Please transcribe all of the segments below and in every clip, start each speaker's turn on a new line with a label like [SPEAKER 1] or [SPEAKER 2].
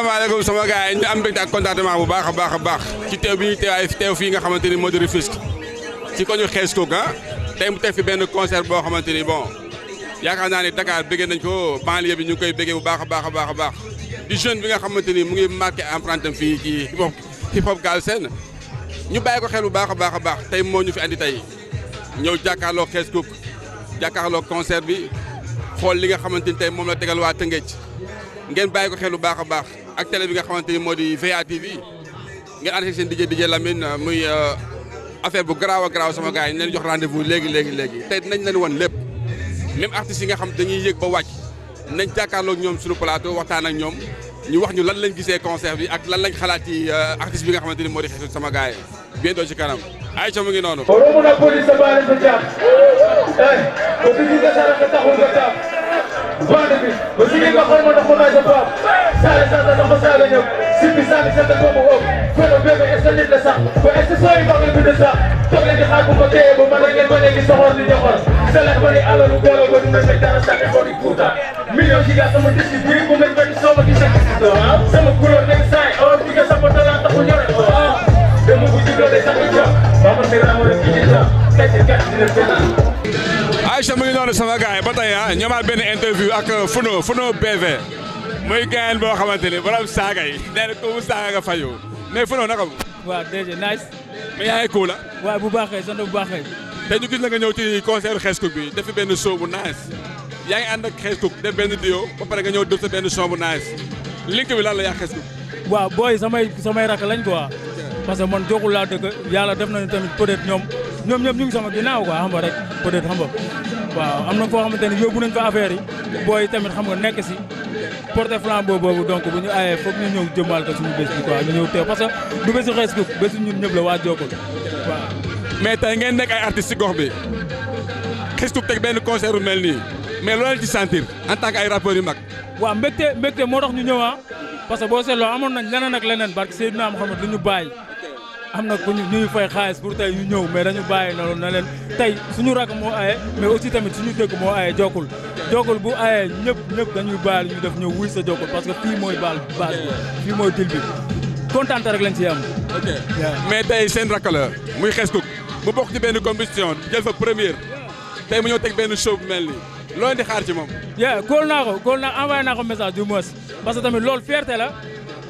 [SPEAKER 1] asalaamaaleykum sama gars yi ñu am mbégte ak contentement bu baax a baax a baax ci teew bi ñuy teewaay teew fii nga xamante ni moo di Rufisque ci ko ñu xees ko ga ah. tey mu teg fi benn boo xamante ni bon yaakaar ne Dakar bëggee nañ ko banlieue bi ñu koy bëggee bu baax baax a baax a baax di bi nga xamante ni mu ngi marqué empreinte am fii ci hip hop hip hop Galsen ñu bàyyi ko xel bu baax a baax a baax tey moo ñu fi andi tey ñëw jàkkaarloo xees ko jàkkaarloo concert bi xool li nga xamante ni tey moom la tegal waa Tëngéej ngeen bàyyi ko xel bu baax a baax ak télé bi nga xamante ni moo di VA TV ngeen ànd si seen DJ DJ Lamine muy affaire bu garaaw a garaaw sama gars yi ñu jox rendez-vous léegi léegi léegi tey nañ leen wan lépp même artistes yi nga xam dañuy yëg ba wàcc nañ jàkkaarloog ñoom suñu plateau waxtaan ak ñoom ñu wax ñu lan lañ gisee concert bi ak lan lañ xalaat yi artiste bi nga xamante ni moo di xeetu sama gaay bi bien doo ci kanam ay ca mu ngi noonu. bande bi ba si nga hormata honoje boom
[SPEAKER 2] sare sata ɗo hosaɓe ñam sippi sami sata tomo om kono ɓeɓe estanitɗe sah ko estasoyi mbaɓe mbide sah togledi ha koko teye bo managen waɗegi sohorni jokor sala waɗi alalu sa goɗi meɓe dara sake hoɗi kuuta million jiga somo diski buri ko men waɗi somoki sakki sama gulor nen sae on jiga sappo tala tako ñore o demugu
[SPEAKER 1] jiglode sakki jo mamandiramo re kijita kacce gatdine fena Aïcha mu ngi sama gars yi ba tey ah ñoomaat benn interview ak euh, Funo Funo BV muy gaayen boo xamante ni borom saaga yi nee na ko mu saaga nga fajoo mais Funo naka mu. waaw déjà nice. mais yaa ngi cool la. Ah? waaw bu baaxee sant bu te ñu gis la nga ñëw ci concert Xees bi def benn show bu nice yaa ngi ànd ak Xees Cook benn duo ba pare nga ñëw def sa benn show bu nice link bi lan la yaa Xees
[SPEAKER 2] Cook. waaw booy samay samay rakk lañ quoi. parce que man joxul laa dëkk yàlla def nañu tamit peut-être ñoom ñoom ñëpp ñu ngi sama ginnaaw quoi xam waaw am na foo xamante ne yóbbu nañ fa affaire yi booy tamit xam nga nekk si porte flambeau boobu donc bu ñu ayee foog ñu ñëw jëmmal ko suñu bés bi quoi ñu ñëw teew parce que du bésu xees kooku
[SPEAKER 1] waa Jokkul waaw. mais tey ngeen nekk ay artistes si gox bi xis teg benn concert bu mel nii mais loo leen ci sentir ay rappeurs yu mag. waaw mbégte mbégte moo
[SPEAKER 2] tax ñu ñëw ah. parce que boo seetloo amoon nañ leneen ak leneen barke Seydina Mouhamed lu ñu bàyyi. am na ku ñu ñuy fay xaalis pour tey ñu ñëw mais dañu bàyyi noonu na leen tey suñu rakk moo aye mais aussi tamit suñu dëkk moo aye jokkul jokkul bu aye ñëpp ñëpp dañuy bàyyi ñu def ñëw wuy sa jokkul parce que fii mooy baal base bi fii mooy til bi kontaan rek lañ ci am.
[SPEAKER 1] ok mais tey seen rakk muy xes kuk mu bokk ci benn compétition jël fa première tey mu ñoo teg benn show bu mel nii loolu di xaar ci moom. yaa góol naa ko góol naa envoyé naa ko message du moins
[SPEAKER 2] parce que tamit loolu fierté la.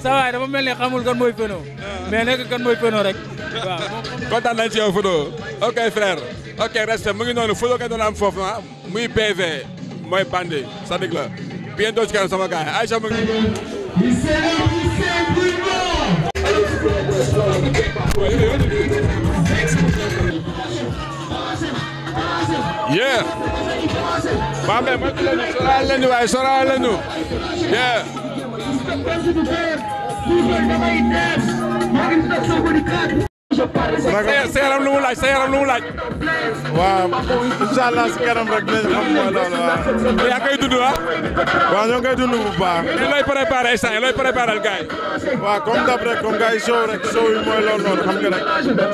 [SPEAKER 2] sa waay dama mel ni xamul kan
[SPEAKER 1] mooy Feno. mais nekk kan mooy Feno rek. waaw kontaan nañ ci yow Fodou. ok frère. ok reste mu ngi noonu Fodou nga doon am foofu ah. muy PV mooy bandi Sadik la. bientôt ci kanam sama gars yi mu ngi.
[SPEAKER 3] yeah. maa ngi lay mën di leen
[SPEAKER 1] waaye sóoraale leen
[SPEAKER 3] ñu. President Trump, who's going to make that? Martin Dr. Woody
[SPEAKER 1] sa yaram lu mu laaj sa yaram lu mu laaj.
[SPEAKER 4] waaw incha allah si kanam rek dinañ xam mooy loolu
[SPEAKER 1] waaw. yaa koy dund ah. waaw ñoo ngi koy dund bu baax. mais looy préparé instant looy préparé gars
[SPEAKER 4] yi. waaw comme dab rek comme gars yi rek show yi mooy loolu noonu xam nga rek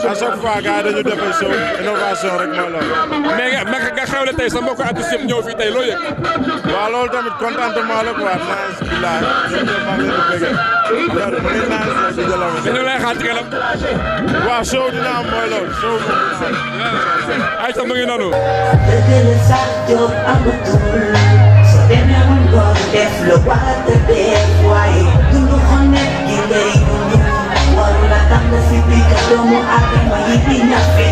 [SPEAKER 4] à chaque fois gars dañu defee show innovation rek mooy loolu.
[SPEAKER 1] mais nga naka nga tey sa mbokku artiste yëpp ñëw fii tey loo yëg. waaw loolu tamit contentement la quoi nice bilaay ñoom ñëpp maa ngi leen
[SPEAKER 4] di bëgg. loolu waaw show dina am mooy loolu show moom dina am ay tam mu ngi noonu
[SPEAKER 3] def la waat def waaye dundu xonnee gi ngay dundu waru la tam na si biir doomu aadama yi di ñafe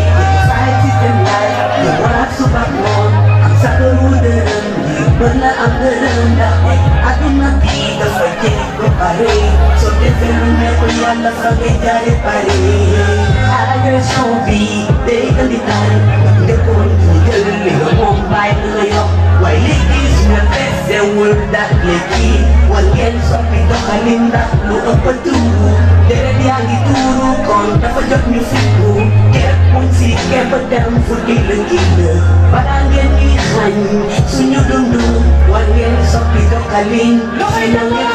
[SPEAKER 3] saay ci seen laay lu waat suba moom am sa dëru dërëm li bër la am dërëm ndax aduna bi que preparé Soy el fenómeno y a la familia le paré Ayer subí de candidatar De conmigo le dio un baile yo Wiley is my best and will that lady Walien sopito kalinda luang petu Dari liang dituru kontak pojok musikku Kep musik kep pedang fudi lenggila Barangin isan sunyu dundu Walien sopito kalin Lokai dengar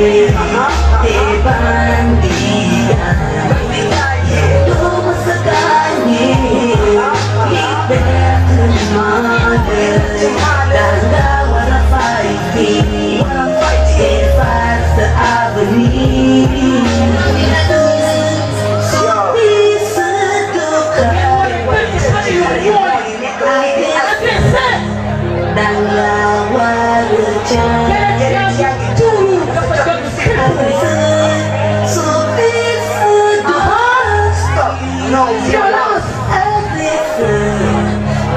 [SPEAKER 3] Uh-huh.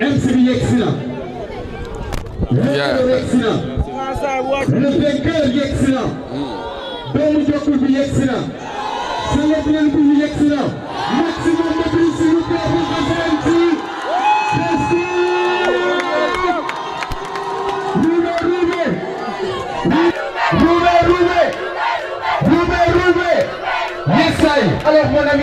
[SPEAKER 4] MC excellent. excellent. excellent. le vainqueur excellent. le excellent. bi le maximum de plus, s'il vous
[SPEAKER 3] plaît pour merci.
[SPEAKER 4] Roubaix Alors mon ami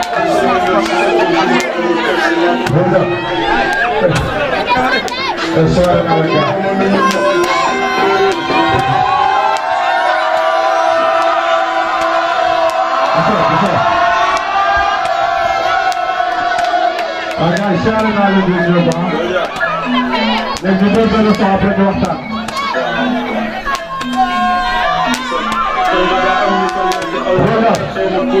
[SPEAKER 4] É só Arkadaşlar nerede dinliyor bana? Necdet böyle sohbet orta. Burada.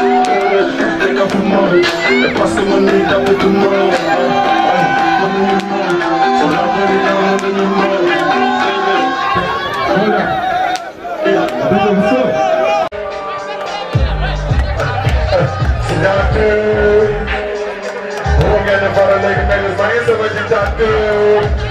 [SPEAKER 4] tomorrow The past is one day that we tomorrow Doctor, I'm gonna follow like you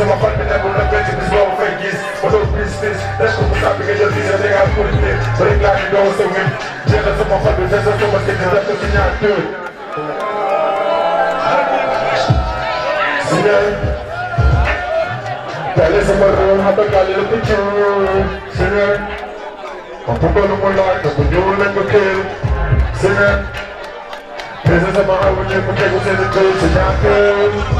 [SPEAKER 4] to my partner that will not mention this low fake is For those business, that's what we're stopping at your visa They got put in there, so they got to go so win my partner, that's so much things that doesn't not do See that? पहले से मर रहा हूँ तो काले लोग कुछ सिंगर हम पुकार लोग लाए तो बुजुर्ग लोग खेल सिंगर पैसे से बाहर बुजुर्ग को क्या कुछ नहीं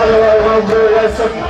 [SPEAKER 4] Allah'a emanet olun.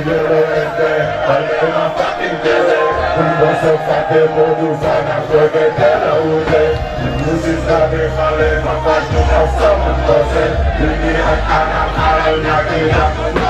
[SPEAKER 4] fucking do it instead. I am not my fucking do it. We were so fucking produced and I'm going working better with it. The music's not in my life,
[SPEAKER 3] my fucking house, someone does it. You need a kind of, I don't know, you know.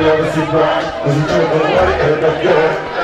[SPEAKER 3] never see black. Cause you do, but what it is, ended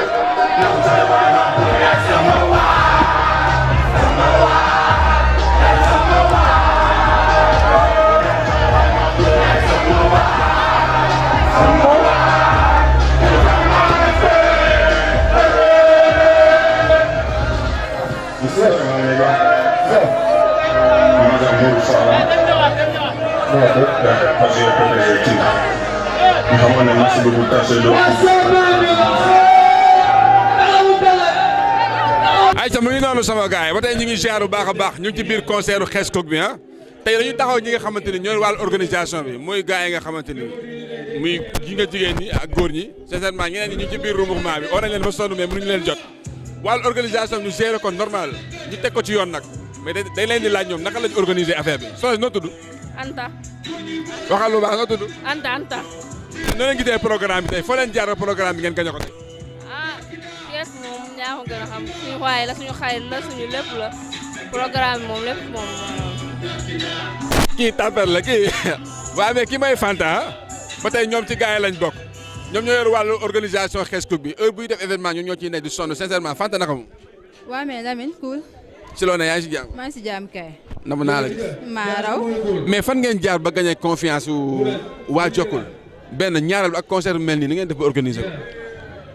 [SPEAKER 1] sama gars ba tay ñu ngi ziaru baaxa baax ñu ci biir concertu u kok bi ha ah. tay lañu taxaw ñi nga xamanteni ñoy wal organisation bi moy gars nga xamanteni muy gi nga jigen ni ak gor ñi certainement ñeneen ñi ñu ci biir remouvement bi on nañ leen ba sonu mais mënuñ leen jot wal organisation ñu géré ko normal ñu tek ko ci yoon nak mais day leen di laaj ñom naka lañ organiser affaire bi so no tuddu Anta waxal lu baax no tuddu Anta Anta noo leen dé programme bi tey foo leen jaar programme bi ngeen gañe ko tay
[SPEAKER 5] Thiès moom yaa ma gën a xam suñu waay la suñu lépp la programme moom lépp moom
[SPEAKER 1] kii tapper la kii waaw mais ki may Fanta ba tey ñoom ci gars yi lañ bokk ñoom ñoo yor wàllu organisation xees coupe bi heure buy def événement ñoo ci nekk di sonn sincèrement Fanta na moom.
[SPEAKER 5] waaw mais Lamine cool.
[SPEAKER 1] si yaa ngi si jàmm.
[SPEAKER 5] maa ngi si jàmm kay. nam naa la maa raw.
[SPEAKER 1] mais fan ngeen jaar ba gagné confiance waa Jokkul benn ñaareel ak concert mel nii ni ngeen def ba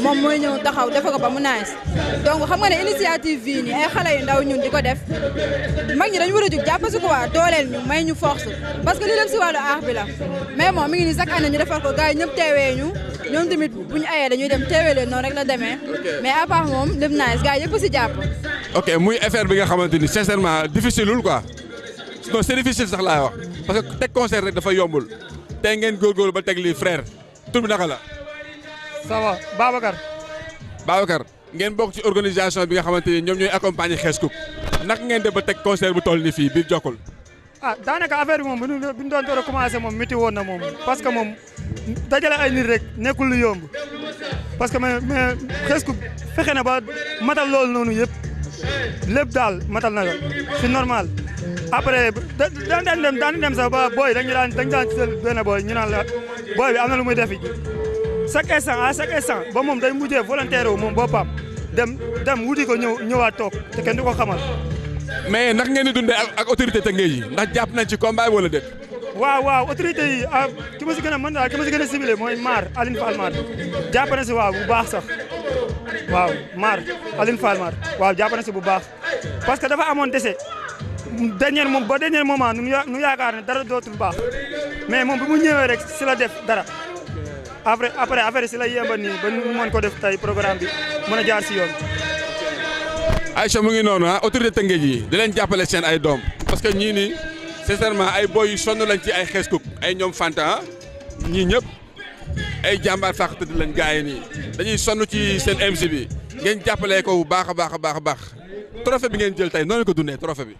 [SPEAKER 5] moom mooy ñëw taxaw defa ko ba mu nice donc xam nga ne initiative bii nii ay xale yu ndaw ñun di ko def mag ñi dañu war a jug jàpp si quoi dooleel ñu may ñu force parce que li lépp si wàllu aar bi la mais moom mi ngi nii chaque année ñu defal ko gars yi ñëpp teewee ñu ñoom tamit bu ñu ayee dañuy dem teewee leen noonu rek la demee mais à part moom lépp nice gars yëpp si jàpp
[SPEAKER 1] ok muy affaire bi nga xamante ni sincèrement difficileul quoi non c'est difficile sax laay wax parce que teg concert rek dafa yombul tey ngeen góorgóorlu ba teg lii frère tur la ça va Babacar. Babacar ngeen bokk ci organisation bi nga xamante ni ñoom ñooy accompagner Xess Cook naka ngeen de ba teg concert bu toll ni fii biir Jokkul.
[SPEAKER 6] ah daanaka affaire bi moom bu ñu doon commencé moom métti woon na moom parce que moom dajale ay nit rek nekkul lu yomb parce que mais mais Xess Cook na ba matal loolu noonu yëpp lépp daal matal na la c'est normal. après da daan dem daan dem sax ba booy dañu daan dañu daan ñu naan la booy bi am na lu muy def chaque instant à chaque instant ba moom day mujjee volontaire wu moom boppam dem dem wuti ko ñëw ñëwaat toog te kenn du ko xamal. mais naka ngeen
[SPEAKER 1] di dundee ak autorité Tëngéej yi ndax jàpp nañ ci combat wala déet.
[SPEAKER 6] waaw waaw autorité yi ah, ki ma si gën a mën daal ah, ki ma si gën a ciblé mooy maar Aline Fall Mar jàpp na si waaw bu baax sax waaw Mar Aline Fall Mar waaw jàpp na si bu baax parce que dafa amoon dese. dernier moom ba dernier moment nu yaakaar ne dara dootul baax mais moom bi mu ñëwee rek si la def dara. après après affaire si la yemba ni ba ñu mën ko def tay programme bi mëna jaar ci yoon.
[SPEAKER 1] Aïcha mu ngi noonu ha ah, autorité tengue ji di leen jappalé sen ay dom parce que ñi ni sincèrement ay boy yu sonu lañ ci ay xees ay ñom Fanta ah, ñi ñep ay jambar fàq tëdd lañ gars yi nii dañuy sonu ci sen MC bi ngeen jappalé ko bu baaxa baaxa baaxa baax trophée bi ngeen jël tay non ko dundee trophée bi.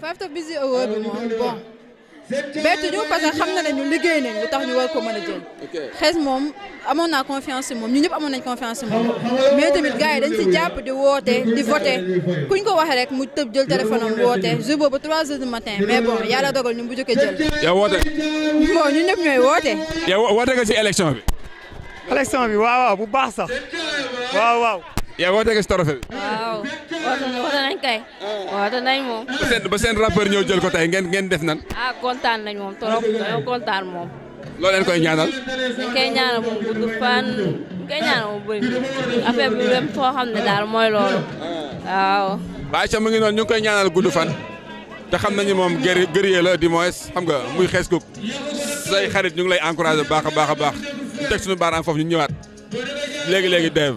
[SPEAKER 5] Five to Busy Award bon. bettuñu parce que xam na ne ñu liggéey nañ lu tax ñu war ko mën jël xees moom amoon naa confiance moom ñu ñëpp amoon nañ confiance si moom mais tamit gars yi dañ si jàpp di woote di vote kuñ ko waxee rek mu tëb jël téléphone am woote jour boobu trois heures du matin mais bon yàlla dogal ñu bu jëkkee jël yow woote bon ñu ñëpp ñooy woote
[SPEAKER 6] yow woote nga si élection bi élection bi waaw waaw bu baax sax waaw waaw yow woote nga si trophée
[SPEAKER 5] bi woote kay. woote moom.
[SPEAKER 1] ba seen ba ñëw jël ko tay ngeen ngeen def nan.
[SPEAKER 5] ah kontaan moom trop kontaan moom.
[SPEAKER 1] loo leen koy ñaanal.
[SPEAKER 5] dañ koy ñaanal moom gudd fan dañ ñaanal moom bëri affaire bi même foo xam ne daal mooy loolu. waaw.
[SPEAKER 1] waaye ca mu ngi noonu ñu koy ñaanal gudd fan. te xam nañu moom gër gërëyee la di moins xam ga muy xees kook say xarit ñu ngi lay encouragé bu baax a baax a baax ñu teg suñu baaraam foofu ñu ñëwaat léegi léegi Dave.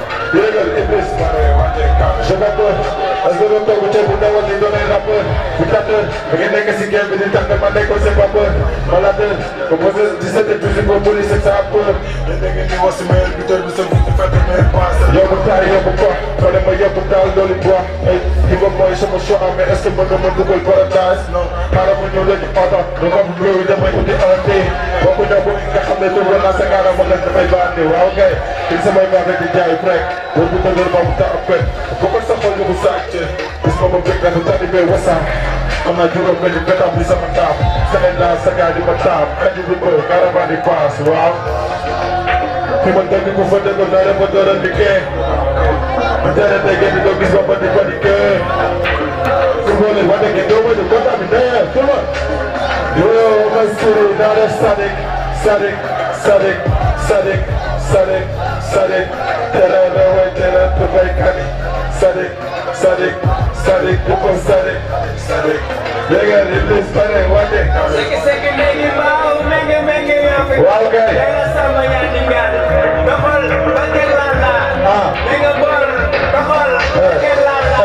[SPEAKER 4] Je m'appelle, Est-ce que tu tombez te vous un des données rappeurs je tu que si quelqu'un vous dit Tante je ne sait pas peur Maladeur 17 et plus police c'est ça peur Les dégâts qui vont se mettre Buteur de ce de je un je te les bois que vont moi je me choix Mais est-ce que mon nom est Google Non Para mo ñëw je pas lu ko Je bleu damay uti un thé bokku na bu ne tur la sa gaara je je Things in my mind every day I break Don't put the love up without a break Go back on your side This moment break like a tiny man what's up I'm not doing really better please I'm a top Standing last I got in my top can you remember got a body pass wow People tell me go for the go not ever go the game I'm they get me no peace but they got the game So rolling what they can do the gun I'm there come on Yo, my city, now that's static, static, static, static, static. Sadiq teranga way teranga baykat yi Sadiq Sadiq Sadiq bu ko Sadiq Sadiq léegi di bis pare wàññi. Seki seki léegi maaw menge menge yaa fi. waaw kay léegi sama yaa ni ngaan doxal ba teel laa laa. ah léegi bool doxal ba teel laa laa.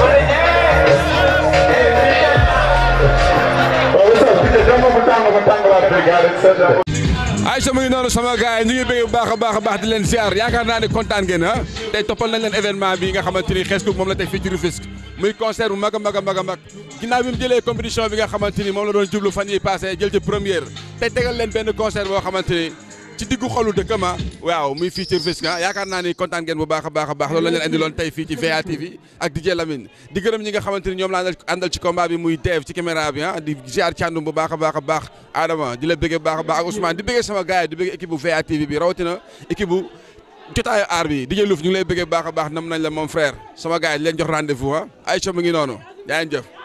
[SPEAKER 4] ma ne eh. waaw sax bi de jamono tàng ba tàng laa dégg.
[SPEAKER 1] ay sama ngi noonu sama gars yi ñu ngi bëgg a a leen ziar yaakaar naa ne kontaan ngeen ah. tey toppal nañ leen événement bi nga xamante ni moom la teg fii ci muy concert bu mag a mag a mag a mag ginnaaw bi mu jëlee compétition bi nga xamante moom la doon jublu fan yi passé jël ci première tey tegal leen benn concert boo xamante ci diggu xolu dëkk ma waaw muy fii ci Rufisque ah, yaakaar naa ni kontaan ngeen bu baax a baax a baax loolu la leen andiloon tey fii ci VA TV ak DJ Lamine di gërëm ñi nga xamante ñoom laa àndal ci combat bi muy deev ci caméra bi ah di ziar càndum bu baax a baax a baax Adama di la bëggee baax a baax ak Ousmane di bëggee sama gars yi di bëggee équipe bu VA TV bi rawatina équipe bu jotaayu aar bi DJ Louf ñu ngi lay bëggee baax a baax nam nañ la moom frère sama gars yi di leen jox rendez-vous ah